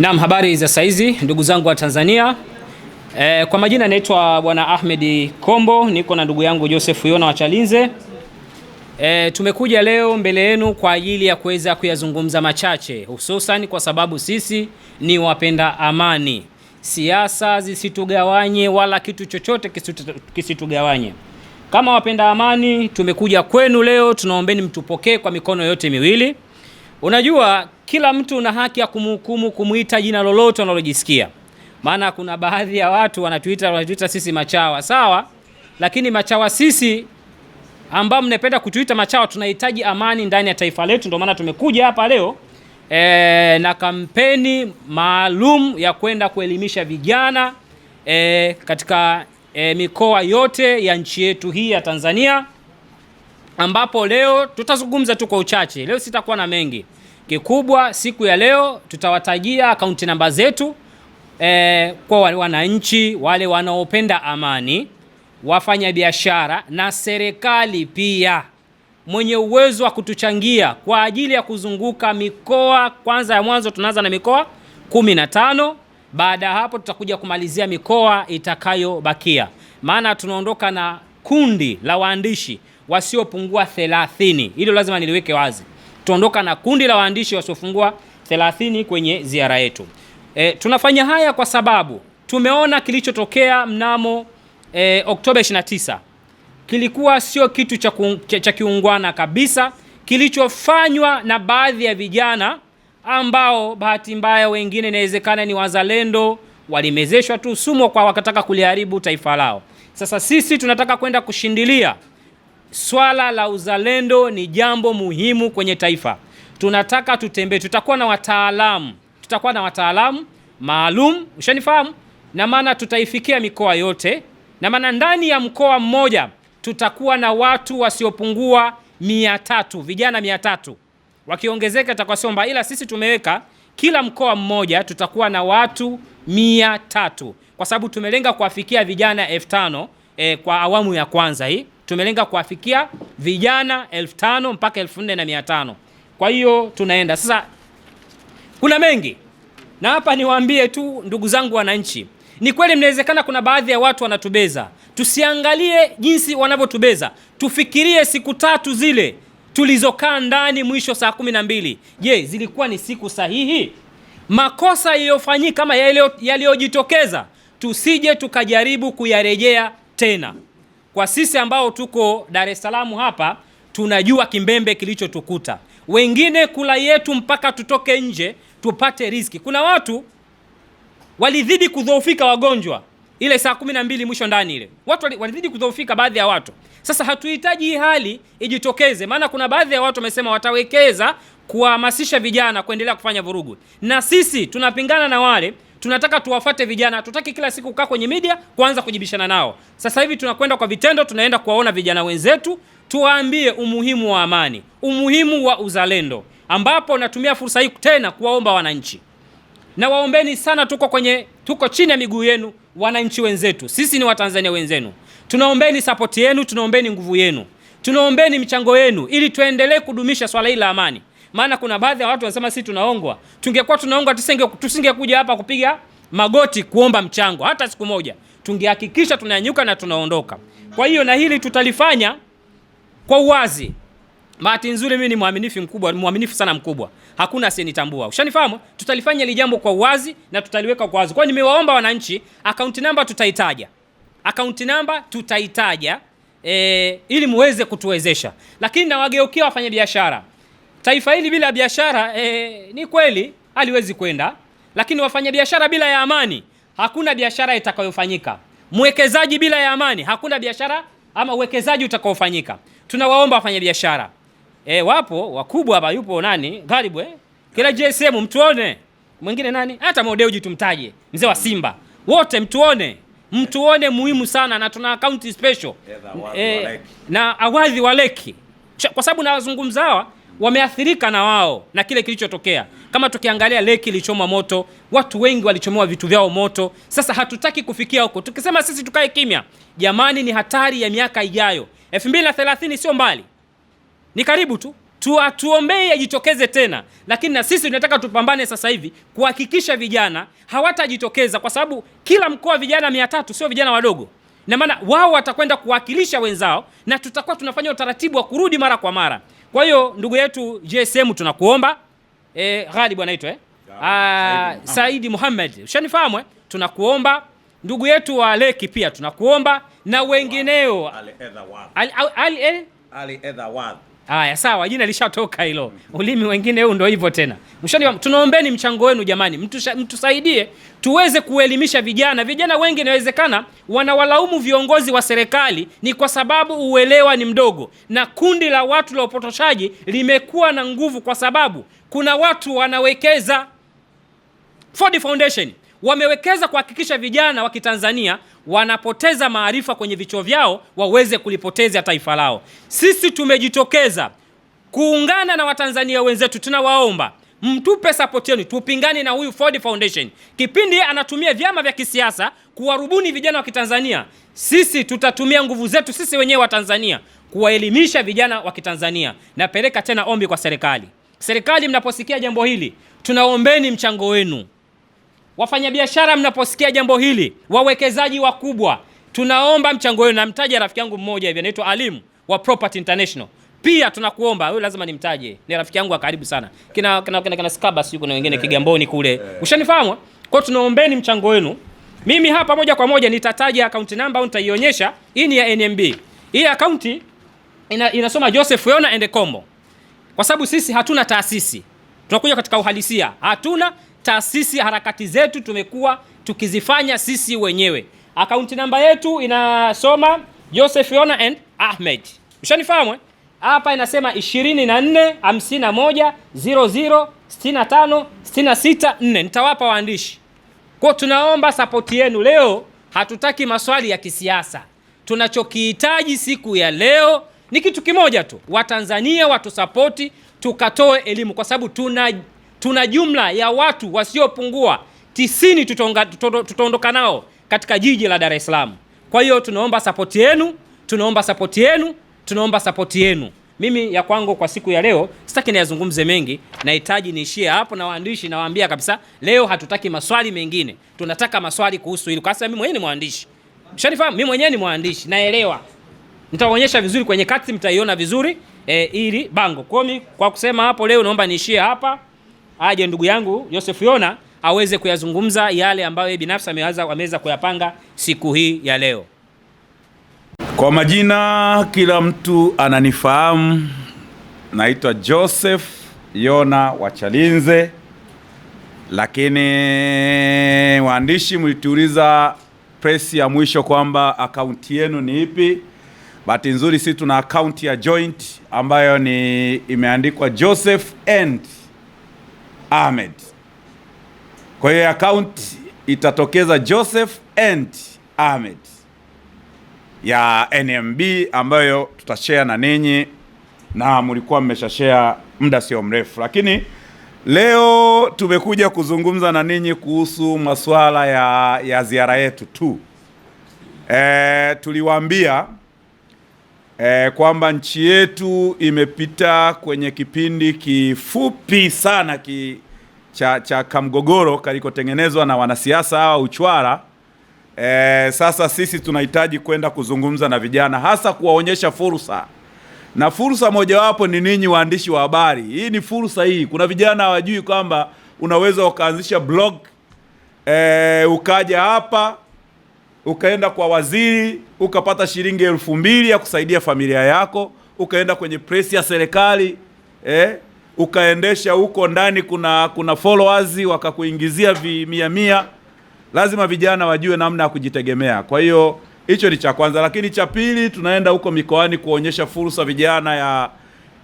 Naam, habari za saizi ndugu zangu wa Tanzania. E, kwa majina naitwa Bwana Ahmed Kombo, niko na ndugu yangu Joseph Yona wa Chalinze. E, tumekuja leo mbele yenu kwa ajili ya kuweza kuyazungumza machache, hususan kwa sababu sisi ni wapenda amani. Siasa zisitugawanye wala kitu chochote kisitugawanye. Kama wapenda amani tumekuja kwenu leo, tunaombeni mtupokee kwa mikono yote miwili. Unajua kila mtu una haki ya kumhukumu, kumwita jina lolote analojisikia. Maana kuna baadhi ya watu wanatuita wanatuita sisi machawa, sawa, lakini machawa sisi ambao mnapenda kutuita machawa, tunahitaji amani ndani ya taifa letu. Ndio maana tumekuja hapa leo e, na kampeni maalum ya kwenda kuelimisha vijana e, katika e, mikoa yote ya nchi yetu hii ya Tanzania, ambapo leo tutazungumza tu kwa uchache. Leo sitakuwa na mengi. Kikubwa siku ya leo tutawatajia akaunti namba zetu eh, kwa wananchi wale wanaopenda amani, wafanyabiashara na serikali pia mwenye uwezo wa kutuchangia kwa ajili ya kuzunguka mikoa. Kwanza ya mwanzo tunaanza na mikoa 15. Baada ya hapo tutakuja kumalizia mikoa itakayobakia, maana tunaondoka na kundi la waandishi wasiopungua 30. Hilo lazima niliweke wazi tuondoka na kundi la waandishi wasiofungua 30 kwenye ziara yetu. E, tunafanya haya kwa sababu tumeona kilichotokea mnamo e, Oktoba 29 kilikuwa sio kitu cha, cha, cha kiungwana kabisa kilichofanywa na baadhi ya vijana ambao bahati mbaya wengine inawezekana ni wazalendo walimezeshwa tu sumo kwa wakataka kuliharibu taifa lao. Sasa sisi tunataka kwenda kushindilia swala la uzalendo ni jambo muhimu kwenye taifa. Tunataka tutembee, tutakuwa na wataalamu, tutakuwa na wataalamu maalum, ushanifahamu, na maana tutaifikia mikoa yote, na maana ndani ya mkoa mmoja tutakuwa na watu wasiopungua mia tatu, vijana mia tatu wakiongezeka itakuwa somba, ila sisi tumeweka kila mkoa mmoja tutakuwa na watu mia tatu kwa sababu tumelenga kuwafikia vijana elfu tano eh, kwa awamu ya kwanza hii tumelenga kuwafikia vijana elfu tano mpaka elfu nne na mia tano. Kwa hiyo tunaenda sasa, kuna mengi na hapa niwaambie tu ndugu zangu wananchi, ni kweli mnawezekana kuna baadhi ya watu wanatubeza. Tusiangalie jinsi wanavyotubeza, tufikirie siku tatu zile tulizokaa ndani mwisho saa kumi na mbili. Je, zilikuwa ni siku sahihi? Makosa yaliyofanyika kama yaliyojitokeza, tusije tukajaribu kuyarejea tena. Kwa sisi ambao tuko Dar es Salaam hapa tunajua kimbembe kilichotukuta, wengine kula yetu mpaka tutoke nje tupate riziki. Kuna watu walizidi kudhoofika, wagonjwa ile saa kumi na mbili mwisho ndani ile watu walizidi kudhoofika, baadhi ya watu. Sasa hatuhitaji hii hali ijitokeze, maana kuna baadhi ya watu wamesema watawekeza kuwahamasisha vijana kuendelea kufanya vurugu, na sisi tunapingana na wale tunataka tuwafate vijana, tutaki kila siku kukaa kwenye media kuanza kujibishana nao. Sasa hivi tunakwenda kwa vitendo, tunaenda kuwaona vijana wenzetu, tuwaambie umuhimu wa amani, umuhimu wa uzalendo, ambapo natumia fursa hii tena kuwaomba wananchi na waombeni sana, tuko kwenye tuko chini ya miguu yenu, wananchi wenzetu, sisi ni Watanzania wenzenu. Tunaombeni sapoti yenu, tunaombeni nguvu yenu, tunaombeni mchango yenu, ili tuendelee kudumisha swala hili la amani. Maana kuna baadhi ya watu wanasema sisi tunaongwa. Tungekuwa tunaongwa tusinge tusingekuja hapa kupiga magoti kuomba mchango hata siku moja. Tungehakikisha tunanyuka na tunaondoka. Kwa hiyo na hili tutalifanya kwa uwazi. Bahati nzuri mimi ni mwaminifu mkubwa, mwaminifu sana mkubwa. Hakuna asiyenitambua. Ushanifahamu? Tutalifanya hili jambo kwa uwazi na tutaliweka kwa wazi. Kwa hiyo nimewaomba wananchi, account number tutaitaja. Account number tutaitaja e, ili muweze kutuwezesha. Lakini nawageukia wafanyabiashara. Taifa hili bila biashara e, ni kweli haliwezi kwenda, lakini wafanyabiashara bila ya amani, hakuna biashara itakayofanyika. Mwekezaji bila ya amani, hakuna biashara ama uwekezaji utakaofanyika. Tunawaomba wafanyabiashara e, eh, wapo wakubwa hapa, yupo nani eh? kila JSM mtuone, mwingine nani, hata Modeuji tumtaje, mzee wa Simba, wote mtuone mtuone muhimu sana, na tuna akaunti special e, na awadhi waleki kwa sababu nawazungumza hawa wameathirika na wao na kile kilichotokea. Kama tukiangalia Leki ilichomwa moto, watu wengi walichomewa vitu vyao moto. Sasa hatutaki kufikia huko, tukisema sisi tukae kimya, jamani, ni hatari ya miaka ijayo. 2030 sio mbali, ni karibu tu tuatuombee yajitokeze tena, lakini na sisi tunataka tupambane sasa hivi kuhakikisha vijana hawatajitokeza, kwa sababu kila mkoa vijana mia tatu sio vijana wadogo. Na maana wao watakwenda kuwakilisha wenzao, na tutakuwa tunafanya utaratibu wa kurudi mara kwa mara. Kwa hiyo ndugu yetu JSM tunakuomba e, Ghalib anaitwa eh? eh? Ah, Saidi Muhammad ushanifahamu eh? Tunakuomba ndugu yetu wa Leki pia tunakuomba na wengineo Ali Edhawadh eh? Haya, sawa, jina lishatoka hilo. Ulimi wengine huu ndio hivyo tena. Mshoni, tunaombeni mchango wenu jamani, Mtu mtusaidie tuweze kuelimisha vijana. Vijana wengi inawezekana wanawalaumu viongozi wa serikali ni kwa sababu uelewa ni mdogo, na kundi la watu la upotoshaji limekuwa na nguvu kwa sababu kuna watu wanawekeza Ford Foundation wamewekeza kuhakikisha vijana wa Kitanzania wanapoteza maarifa kwenye vichwa vyao waweze kulipoteza taifa lao. Sisi tumejitokeza kuungana na Watanzania wenzetu, tunawaomba mtupe sapoti yenu, tupingane na huyu Ford Foundation. Kipindi anatumia vyama vya kisiasa kuwarubuni vijana wa Kitanzania, sisi tutatumia nguvu zetu sisi wenyewe wa Tanzania kuwaelimisha vijana wa Kitanzania. Napeleka tena ombi kwa serikali. Serikali, mnaposikia jambo hili, tunaombeni mchango wenu. Wafanyabiashara, mnaposikia jambo hili, wawekezaji wakubwa, tunaomba mchango wenu. Namtaja rafiki yangu mmoja hivi anaitwa Alim wa Property International. Pia tunakuomba wewe, lazima nimtaje, ni rafiki yangu wa karibu sana, kina kina, kina, kina Skabas yuko na wengine eh. Kigamboni kule, eh. ushanifahamu. Eh? Kwa tunaombeni mchango wenu. Mimi hapa moja kwa moja nitataja account number au nitaionyesha. Hii ni ya NMB. Hii account ina, inasoma Joseph Yona and Combo, kwa sababu sisi hatuna taasisi, tunakuja katika uhalisia, hatuna taasisi, harakati zetu tumekuwa tukizifanya sisi wenyewe. Akaunti namba yetu inasoma Joseph Yona and Ahmed, ushanifahamu eh? hapa inasema 24 51 00 65 Nitawapa waandishi kwa, tunaomba sapoti yenu leo. Hatutaki maswali ya kisiasa. Tunachokihitaji siku ya leo ni kitu kimoja tu, Watanzania watusapoti tukatoe elimu, kwa sababu tuna tuna jumla ya watu wasiopungua tisini tutaondoka nao katika jiji la Dar es Salaam. Kwa hiyo tunaomba sapoti yenu, tunaomba sapoti yenu, tunaomba sapoti yenu. Mimi ya kwangu kwa siku ya leo sitaki niyazungumze mengi, nahitaji niishie hapo, na waandishi nawaambia kabisa, leo hatutaki maswali mengine, tunataka maswali kuhusu hilo. Mimi mwenyewe ni mwandishi, mshanifahamu, mimi mwenyewe ni mwandishi, naelewa. Nitaonyesha vizuri kwenye kati, mtaiona vizuri e, ili bango. Kwa mimi kwa kusema hapo leo naomba niishie hapa aje ndugu yangu Joseph Yona aweze kuyazungumza yale ambayo yeye binafsi ameweza kuyapanga siku hii ya leo. Kwa majina kila mtu ananifahamu, naitwa Joseph Yona Wachalinze, lakini waandishi mlituuliza presi ya mwisho kwamba akaunti yenu ni ipi. Bahati nzuri sisi tuna akaunti ya joint ambayo ni imeandikwa Joseph and Ahmed. Kwa hiyo akaunti itatokeza Joseph and Ahmed ya NMB ambayo tutashare na ninyi na mlikuwa mmeshashare muda sio mrefu, lakini leo tumekuja kuzungumza na ninyi kuhusu masuala ya, ya ziara yetu tu. E, tuliwaambia e, kwamba nchi yetu imepita kwenye kipindi kifupi sana ki, cha, cha kamgogoro kalikotengenezwa na wanasiasa hawa uchwara. E, eh, sasa sisi tunahitaji kwenda kuzungumza na vijana, hasa kuwaonyesha fursa, na fursa mojawapo ni ninyi waandishi wa habari. Hii ni fursa hii, kuna vijana hawajui kwamba unaweza ukaanzisha blog e, ukaja hapa ukaenda kwa waziri ukapata shilingi elfu mbili ya kusaidia familia yako, ukaenda kwenye presi ya serikali eh, ukaendesha huko ndani, kuna kuna followers wakakuingizia mia mia. Lazima vijana wajue namna ya kujitegemea. Kwa hiyo hicho ni cha kwanza, lakini cha pili tunaenda huko mikoani kuonyesha fursa vijana ya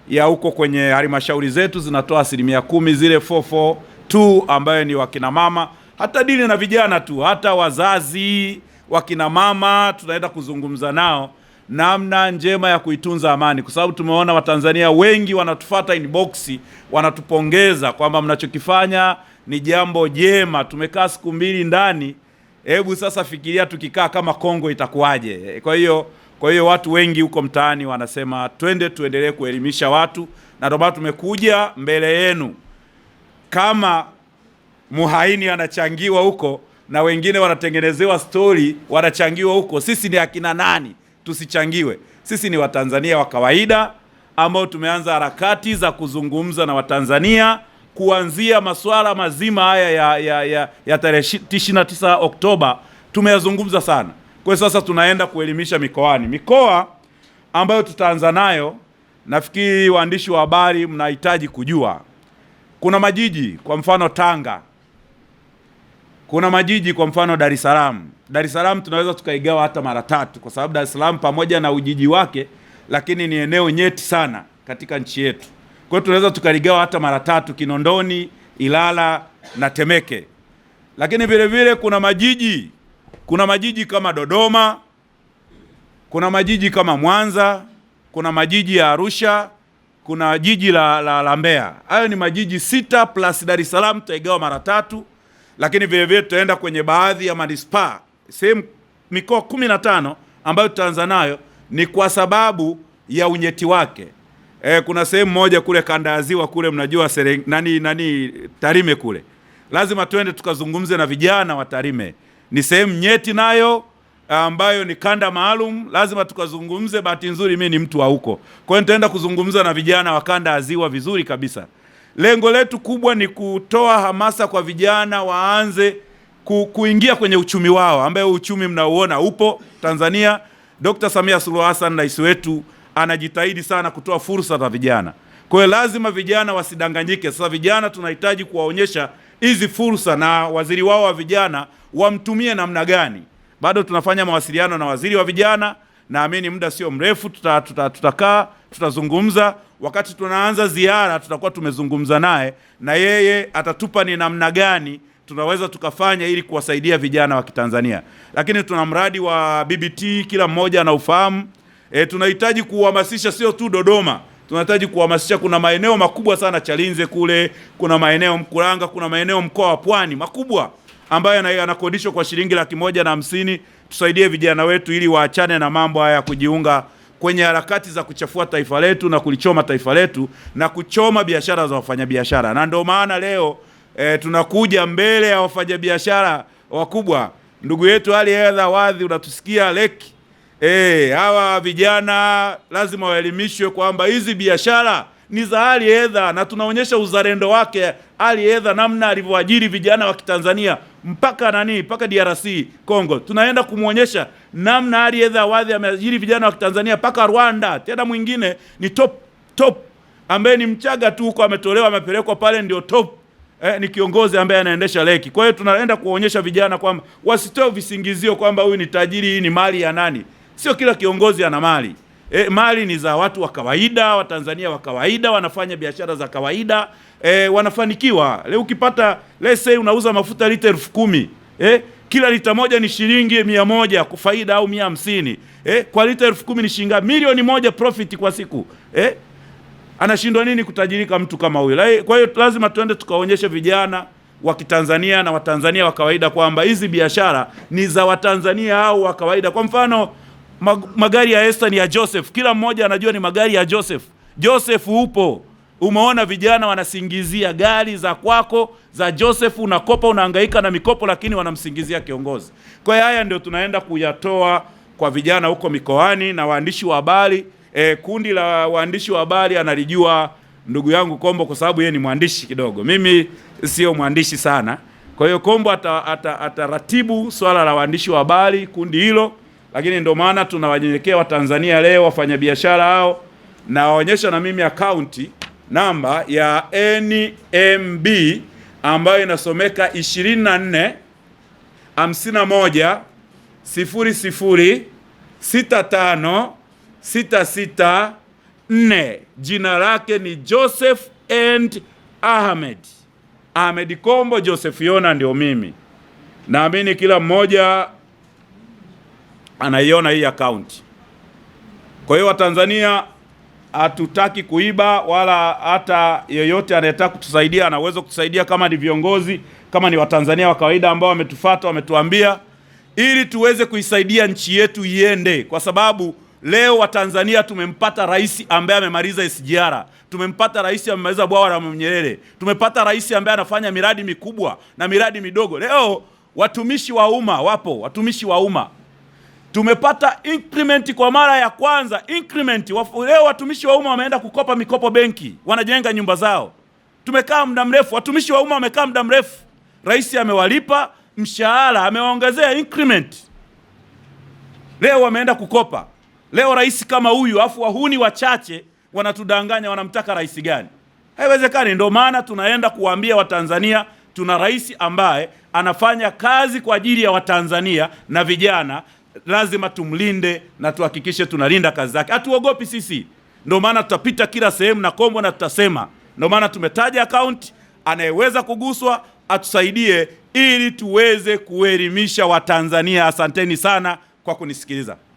ya huko kwenye halmashauri zetu zinatoa asilimia kumi zile 442 ambayo ni wakina mama, hata dini na vijana tu, hata wazazi wakina mama, tunaenda kuzungumza nao namna njema ya kuitunza amani, kwa sababu tumeona Watanzania wengi wanatufata inbox, wanatupongeza kwamba mnachokifanya ni jambo jema. Tumekaa siku mbili ndani, hebu sasa fikiria tukikaa kama Kongo itakuwaje? Kwa hiyo kwa hiyo watu wengi huko mtaani wanasema twende tuendelee kuelimisha watu, na ndio maana tumekuja mbele yenu. Kama muhaini anachangiwa huko na wengine wanatengenezewa stori, wanachangiwa huko. Sisi ni akina nani tusichangiwe? Sisi ni Watanzania wa kawaida ambao tumeanza harakati za kuzungumza na Watanzania kuanzia masuala mazima haya ya, ya, ya, ya tarehe 29 Oktoba tumeyazungumza sana. Kwa sasa tunaenda kuelimisha mikoani. Mikoa ambayo tutaanza nayo, nafikiri waandishi wa habari mnahitaji kujua, kuna majiji kwa mfano Tanga kuna majiji kwa mfano Dar es Salaam. Dar es Salaam tunaweza tukaigawa hata mara tatu, kwa sababu Dar es Salaam pamoja na ujiji wake, lakini ni eneo nyeti sana katika nchi yetu. Kwa hiyo tunaweza tukaligawa hata mara tatu: Kinondoni, Ilala na Temeke. Lakini vile vile kuna majiji, kuna majiji kama Dodoma, kuna majiji kama Mwanza, kuna majiji ya Arusha, kuna jiji la, la, la Mbeya. Hayo ni majiji sita plus Dar es Salaam tutaigawa mara tatu lakini vilevile tutaenda kwenye baadhi ya manispaa sehemu mikoa kumi na tano ambayo tutaanza nayo ni kwa sababu ya unyeti wake. E, kuna sehemu moja kule kanda ya ziwa kule mnajua sereng, nani, nani Tarime kule lazima twende tukazungumze na vijana wa Tarime. Ni sehemu nyeti nayo ambayo ni kanda maalum, lazima tukazungumze. Bahati nzuri mimi ni mtu wa huko, kwa hiyo nitaenda kuzungumza na vijana wa kanda ya ziwa vizuri kabisa. Lengo letu kubwa ni kutoa hamasa kwa vijana waanze kuingia kwenye uchumi wao, ambayo uchumi mnauona upo Tanzania. Dr. Samia Suluhu Hassan rais wetu anajitahidi sana kutoa fursa za vijana, kwa hiyo lazima vijana wasidanganyike. Sasa vijana tunahitaji kuwaonyesha hizi fursa, na waziri wao wa vijana wamtumie namna gani. Bado tunafanya mawasiliano na waziri wa vijana, naamini muda sio mrefu tutakaa tuta, tuta tutazungumza wakati tunaanza ziara tutakuwa tumezungumza naye na yeye atatupa ni namna gani tunaweza tukafanya ili kuwasaidia vijana wa Kitanzania. Lakini tuna mradi wa BBT kila mmoja anaufahamu. E, tunahitaji kuhamasisha sio tu Dodoma, tunahitaji kuhamasisha. Kuna maeneo makubwa sana Chalinze kule, kuna maeneo Mkuranga, kuna maeneo mkoa wa Pwani makubwa ambayo yanakodishwa kwa shilingi laki moja na hamsini. Tusaidie vijana wetu ili waachane na mambo haya ya kujiunga kwenye harakati za kuchafua taifa letu na kulichoma taifa letu na kuchoma biashara za wafanyabiashara, na ndio maana leo e, tunakuja mbele ya wafanyabiashara wakubwa. Ndugu yetu Ali Hedha Wadhi, unatusikia leki e, hawa vijana lazima waelimishwe kwamba hizi biashara ni za Ali Hedha, na tunaonyesha uzalendo wake Ali Hedha, namna alivyoajiri vijana wa Kitanzania mpaka nani, mpaka DRC Congo, tunaenda kumwonyesha namna Aliedha Awadhi ameajiri vijana wa Kitanzania mpaka Rwanda. Tena mwingine ni top top ambaye ni Mchaga tu huko ametolewa, amepelekwa pale, ndio top eh, ni kiongozi ambaye anaendesha leki. Kwa hiyo tunaenda kuonyesha vijana kwamba wasitoe visingizio kwamba huyu ni tajiri, hii ni mali ya nani. Sio kila kiongozi ana mali eh, mali ni za watu wa kawaida, Watanzania wa kawaida wanafanya biashara za kawaida e, wanafanikiwa leo. Ukipata let's say unauza mafuta lita elfu kumi eh, kila lita moja ni shilingi mia moja kwa faida au mia hamsini eh, kwa lita elfu kumi ni shilingi milioni moja profit kwa siku eh, anashindwa nini kutajirika mtu kama huyo? Kwa hiyo lazima tuende tukaonyeshe vijana wa Kitanzania na Watanzania wa kawaida kwamba hizi biashara ni za Watanzania au wa kawaida. Kwa mfano mag magari ya Esther ni ya Joseph, kila mmoja anajua ni magari ya Joseph. Joseph upo Umeona vijana wanasingizia gari za kwako za Joseph, unakopa unahangaika na mikopo, lakini wanamsingizia kiongozi. Kwa hiyo haya ndio tunaenda kuyatoa kwa vijana huko mikoani na waandishi wa habari e, kundi la waandishi wa habari analijua ndugu yangu Kombo kwa sababu yeye ni mwandishi kidogo, mimi sio mwandishi sana. Kwa hiyo Kombo ataratibu ata, ata swala la waandishi wa habari kundi hilo, lakini ndio maana tunawanyenyekea Watanzania leo wafanyabiashara hao, nawaonyesha na mimi akaunti namba ya NMB ambayo inasomeka 24 51 00 65 66 4. Jina lake ni Joseph and Ahmed. Ahmed Kombo Joseph Yona ndio mimi. Naamini kila mmoja anaiona hii akaunti. Kwa hiyo Watanzania hatutaki kuiba wala hata yeyote anayetaka kutusaidia ana uwezo kutusaidia, kama ni viongozi, kama ni Watanzania wa kawaida ambao wametufuata, wametuambia ili tuweze kuisaidia nchi yetu iende, kwa sababu leo Watanzania tumempata rais ambaye amemaliza SGR, tumempata rais amemaliza bwawa la Nyerere, tumepata rais ambaye anafanya miradi mikubwa na miradi midogo. Leo watumishi wa umma wapo, watumishi wa umma tumepata increment kwa mara ya kwanza increment. Leo watumishi wa umma wameenda kukopa mikopo benki, wanajenga nyumba zao. Tumekaa muda mrefu, watumishi wa umma wamekaa muda mrefu. Rais amewalipa mshahara, amewaongezea increment, leo wameenda kukopa. Leo rais kama huyu, afu wahuni wachache wanatudanganya, wanamtaka rais gani? Haiwezekani. Ndio maana tunaenda kuwaambia Watanzania tuna rais ambaye anafanya kazi kwa ajili ya Watanzania na vijana lazima tumlinde na tuhakikishe tunalinda kazi zake. Hatuogopi sisi, ndio maana tutapita kila sehemu na kombo na tutasema. Ndio maana tumetaja akaunti, anayeweza kuguswa atusaidie ili tuweze kuelimisha Watanzania. Asanteni sana kwa kunisikiliza.